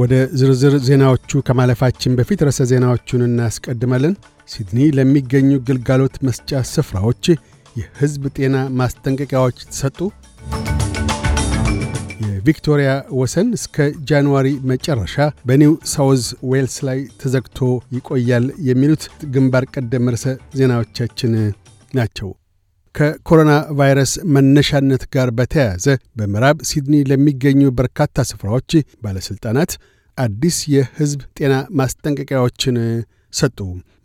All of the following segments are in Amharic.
ወደ ዝርዝር ዜናዎቹ ከማለፋችን በፊት ርዕሰ ዜናዎቹን እናስቀድማለን። ሲድኒ ለሚገኙ ግልጋሎት መስጫ ስፍራዎች የሕዝብ ጤና ማስጠንቀቂያዎች ተሰጡ። የቪክቶሪያ ወሰን እስከ ጃንዋሪ መጨረሻ በኒው ሳውዝ ዌልስ ላይ ተዘግቶ ይቆያል። የሚሉት ግንባር ቀደም ርዕሰ ዜናዎቻችን ናቸው። ከኮሮና ቫይረስ መነሻነት ጋር በተያያዘ በምዕራብ ሲድኒ ለሚገኙ በርካታ ስፍራዎች ባለሥልጣናት አዲስ የሕዝብ ጤና ማስጠንቀቂያዎችን ሰጡ።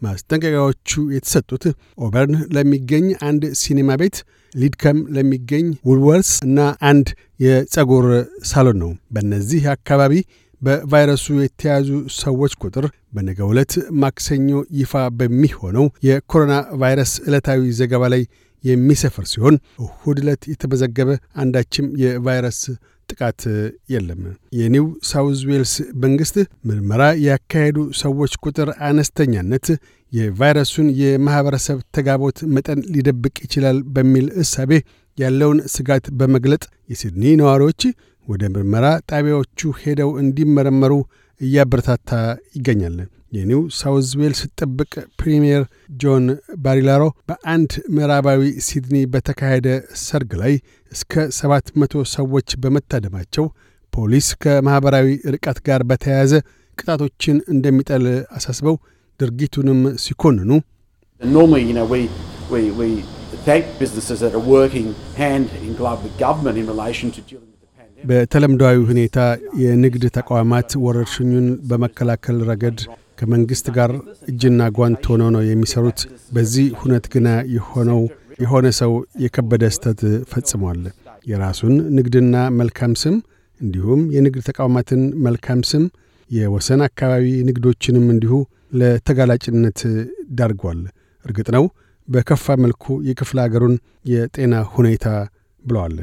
ማስጠንቀቂያዎቹ የተሰጡት ኦበርን ለሚገኝ አንድ ሲኔማ ቤት፣ ሊድከም ለሚገኝ ውልወርስ እና አንድ የጸጉር ሳሎን ነው። በእነዚህ አካባቢ በቫይረሱ የተያዙ ሰዎች ቁጥር በነገ ዕለት ማክሰኞ ይፋ በሚሆነው የኮሮና ቫይረስ ዕለታዊ ዘገባ ላይ የሚሰፍር ሲሆን እሁድ ዕለት የተመዘገበ አንዳችም የቫይረስ ጥቃት የለም። የኒው ሳውዝ ዌልስ መንግሥት ምርመራ ያካሄዱ ሰዎች ቁጥር አነስተኛነት የቫይረሱን የማኅበረሰብ ተጋቦት መጠን ሊደብቅ ይችላል በሚል እሳቤ ያለውን ስጋት በመግለጥ የሲድኒ ነዋሪዎች ወደ ምርመራ ጣቢያዎቹ ሄደው እንዲመረመሩ እያበረታታ ይገኛል። የኒው ሳውዝ ዌልስ ጥብቅ ፕሪምየር ጆን ባሪላሮ በአንድ ምዕራባዊ ሲድኒ በተካሄደ ሰርግ ላይ እስከ 700 ሰዎች በመታደማቸው ፖሊስ ከማኅበራዊ ርቀት ጋር በተያያዘ ቅጣቶችን እንደሚጠል አሳስበው ድርጊቱንም ሲኮንኑ በተለምዳዊ ሁኔታ የንግድ ተቋማት ወረርሽኙን በመከላከል ረገድ ከመንግሥት ጋር እጅና ጓንት ሆነው ነው የሚሰሩት። በዚህ ሁነት ግና የሆነው የሆነ ሰው የከበደ ስተት ፈጽሟል። የራሱን ንግድና መልካም ስም እንዲሁም የንግድ ተቋማትን መልካም ስም የወሰን አካባቢ ንግዶችንም እንዲሁ ለተጋላጭነት ዳርጓል። እርግጥ ነው በከፋ መልኩ የክፍለ አገሩን የጤና ሁኔታ ብለዋል።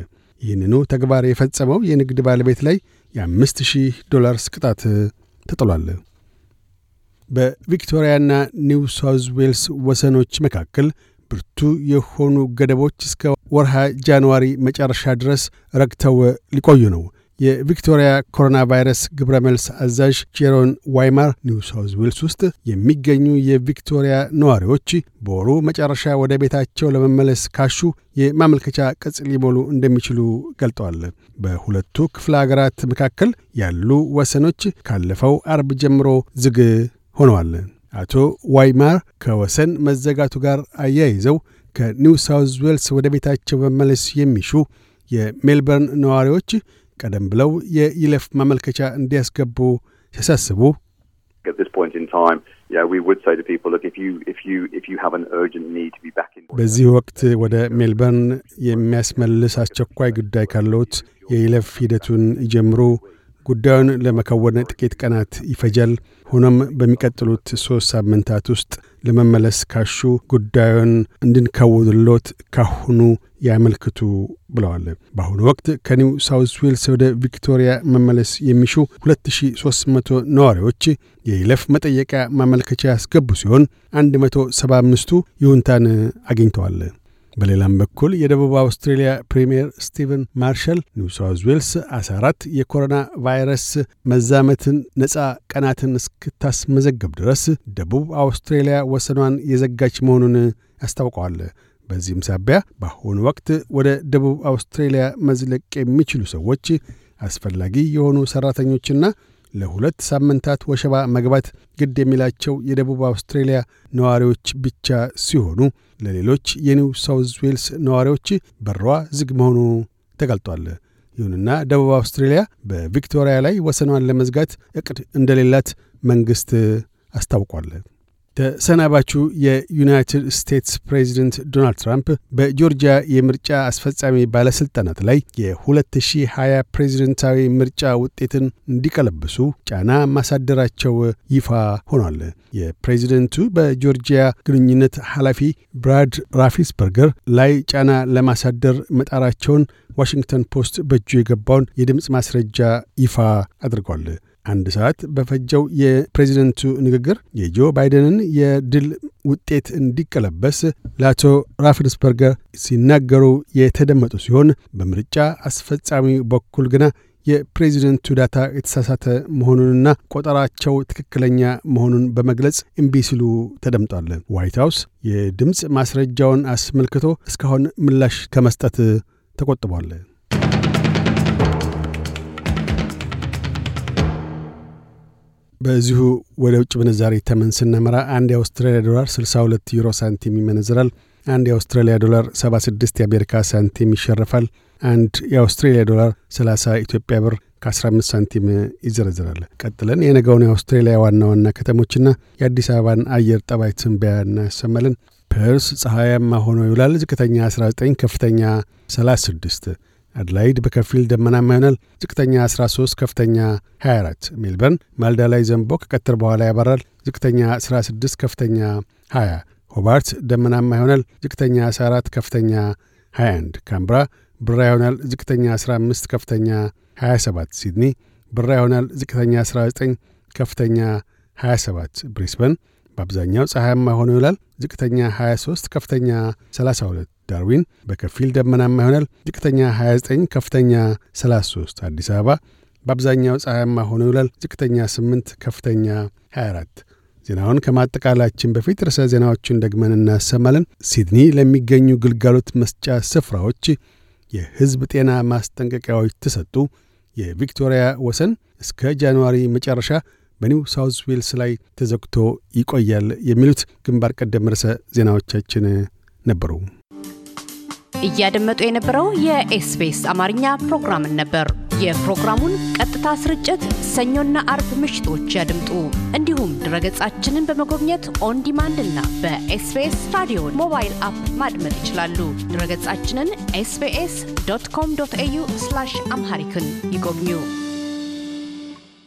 ይህንኑ ተግባር የፈጸመው የንግድ ባለቤት ላይ የአምስት ሺህ ዶላርስ ቅጣት ተጥሏል። በቪክቶሪያና ኒው ሳውዝ ዌልስ ወሰኖች መካከል ብርቱ የሆኑ ገደቦች እስከ ወርሃ ጃንዋሪ መጨረሻ ድረስ ረግተው ሊቆዩ ነው። የቪክቶሪያ ኮሮና ቫይረስ ግብረ መልስ አዛዥ ጄሮን ዋይማር ኒው ሳውዝ ዌልስ ውስጥ የሚገኙ የቪክቶሪያ ነዋሪዎች በወሩ መጨረሻ ወደ ቤታቸው ለመመለስ ካሹ የማመልከቻ ቅጽ ሊሞሉ እንደሚችሉ ገልጠዋል። በሁለቱ ክፍለ አገራት መካከል ያሉ ወሰኖች ካለፈው አርብ ጀምሮ ዝግ ሆነዋል። አቶ ዋይማር ከወሰን መዘጋቱ ጋር አያይዘው ከኒው ሳውዝ ዌልስ ወደ ቤታቸው መመለስ የሚሹ የሜልበርን ነዋሪዎች ቀደም ብለው የኢለፍ ማመልከቻ እንዲያስገቡ ሲያሳስቡ በዚህ ወቅት ወደ ሜልበርን የሚያስመልስ አስቸኳይ ጉዳይ ካለዎት የይለፍ ሂደቱን ይጀምሩ። ጉዳዩን ለመከወን ጥቂት ቀናት ይፈጃል። ሆኖም በሚቀጥሉት ሶስት ሳምንታት ውስጥ ለመመለስ ካሹ ጉዳዩን እንድንከውንሎት ካሁኑ ያመልክቱ ብለዋል። በአሁኑ ወቅት ከኒው ሳውዝ ዌልስ ወደ ቪክቶሪያ መመለስ የሚሹ 2300 ነዋሪዎች የይለፍ መጠየቂያ ማመልከቻ ያስገቡ ሲሆን 175ቱ ይሁንታን አግኝተዋል። በሌላም በኩል የደቡብ አውስትሬልያ ፕሪምየር ስቲቨን ማርሻል ኒው ዌልስ 14 የኮሮና ቫይረስ መዛመትን ነፃ ቀናትን እስክታስመዘግብ ድረስ ደቡብ አውስትሬልያ ወሰኗን የዘጋች መሆኑን አስታውቀዋል። በዚህም ሳቢያ በአሁኑ ወቅት ወደ ደቡብ አውስትሬልያ መዝለቅ የሚችሉ ሰዎች አስፈላጊ የሆኑ ሠራተኞችና ለሁለት ሳምንታት ወሸባ መግባት ግድ የሚላቸው የደቡብ አውስትሬልያ ነዋሪዎች ብቻ ሲሆኑ ለሌሎች የኒው ሳውዝ ዌልስ ነዋሪዎች በሯ ዝግ መሆኑ ተገልጧል። ይሁንና ደቡብ አውስትሬልያ በቪክቶሪያ ላይ ወሰኗን ለመዝጋት እቅድ እንደሌላት መንግሥት አስታውቋል። ተሰናባቹ የዩናይትድ ስቴትስ ፕሬዚደንት ዶናልድ ትራምፕ በጆርጂያ የምርጫ አስፈጻሚ ባለሥልጣናት ላይ የ2020 ፕሬዚደንታዊ ምርጫ ውጤትን እንዲቀለብሱ ጫና ማሳደራቸው ይፋ ሆኗል። የፕሬዚደንቱ በጆርጂያ ግንኙነት ኃላፊ ብራድ ራፊስበርገር ላይ ጫና ለማሳደር መጣራቸውን ዋሽንግተን ፖስት በእጁ የገባውን የድምፅ ማስረጃ ይፋ አድርጓል። አንድ ሰዓት በፈጀው የፕሬዚደንቱ ንግግር የጆ ባይደንን የድል ውጤት እንዲቀለበስ ለአቶ ራፍንስበርገር ሲናገሩ የተደመጡ ሲሆን በምርጫ አስፈጻሚ በኩል ግና የፕሬዚደንቱ ዳታ የተሳሳተ መሆኑንና ቆጠራቸው ትክክለኛ መሆኑን በመግለጽ እምቢ ሲሉ ተደምጧል። ዋይት ሀውስ የድምፅ ማስረጃውን አስመልክቶ እስካሁን ምላሽ ከመስጠት ተቆጥቧል። በዚሁ ወደ ውጭ ምንዛሪ ተመን ስናመራ አንድ የአውስትራሊያ ዶላር 62 ዩሮ ሳንቲም ይመነዝራል። አንድ የአውስትራሊያ ዶላር 76 የአሜሪካ ሳንቲም ይሸርፋል። አንድ የአውስትሬሊያ ዶላር 30 ኢትዮጵያ ብር ከ15 ሳንቲም ይዘረዝራል። ቀጥለን የነገውን የአውስትሬሊያ ዋና ዋና ከተሞችና የአዲስ አበባን አየር ጠባይ ትንበያ እናሰማለን። ፐርስ ፀሐያማ ሆኖ ይውላል። ዝቅተኛ 19፣ ከፍተኛ 36 አድላይድ በከፊል ደመናማ ይሆናል። ዝቅተኛ 13፣ ከፍተኛ 24። ሜልበርን ማልዳ ላይ ዘንቦ ከቀትር በኋላ ያበራል። ዝቅተኛ 16፣ ከፍተኛ 20። ሆባርት ደመናማ ይሆናል። ዝቅተኛ 14፣ ከፍተኛ 21። ካምብራ ብራ ይሆናል። ዝቅተኛ 15፣ ከፍተኛ 27። ሲድኒ ብራ ይሆናል። ዝቅተኛ 19፣ ከፍተኛ 27። ብሪስበን በአብዛኛው ፀሐያማ ሆኖ ይውላል። ዝቅተኛ 23፣ ከፍተኛ 32። ዳርዊን በከፊል ደመናማ ይሆናል። ዝቅተኛ 29፣ ከፍተኛ 33። አዲስ አበባ በአብዛኛው ፀሐያማ ሆኖ ይውላል። ዝቅተኛ 8፣ ከፍተኛ 24። ዜናውን ከማጠቃላችን በፊት ርዕሰ ዜናዎቹን ደግመን እናሰማለን። ሲድኒ ለሚገኙ ግልጋሎት መስጫ ስፍራዎች የሕዝብ ጤና ማስጠንቀቂያዎች ተሰጡ። የቪክቶሪያ ወሰን እስከ ጃንዋሪ መጨረሻ በኒው ሳውዝ ዌልስ ላይ ተዘግቶ ይቆያል የሚሉት ግንባር ቀደም ርዕሰ ዜናዎቻችን ነበሩ። እያደመጡ የነበረው የኤስቢኤስ አማርኛ ፕሮግራምን ነበር። የፕሮግራሙን ቀጥታ ስርጭት ሰኞና አርብ ምሽቶች ያድምጡ። እንዲሁም ድረገጻችንን በመጎብኘት ኦን ዲማንድ እና በኤስቢኤስ ራዲዮን ሞባይል አፕ ማድመጥ ይችላሉ። ድረገጻችንን ኤስቢኤስ ዶት ኮም ዶት ኤዩ አምሃሪክን ይጎብኙ።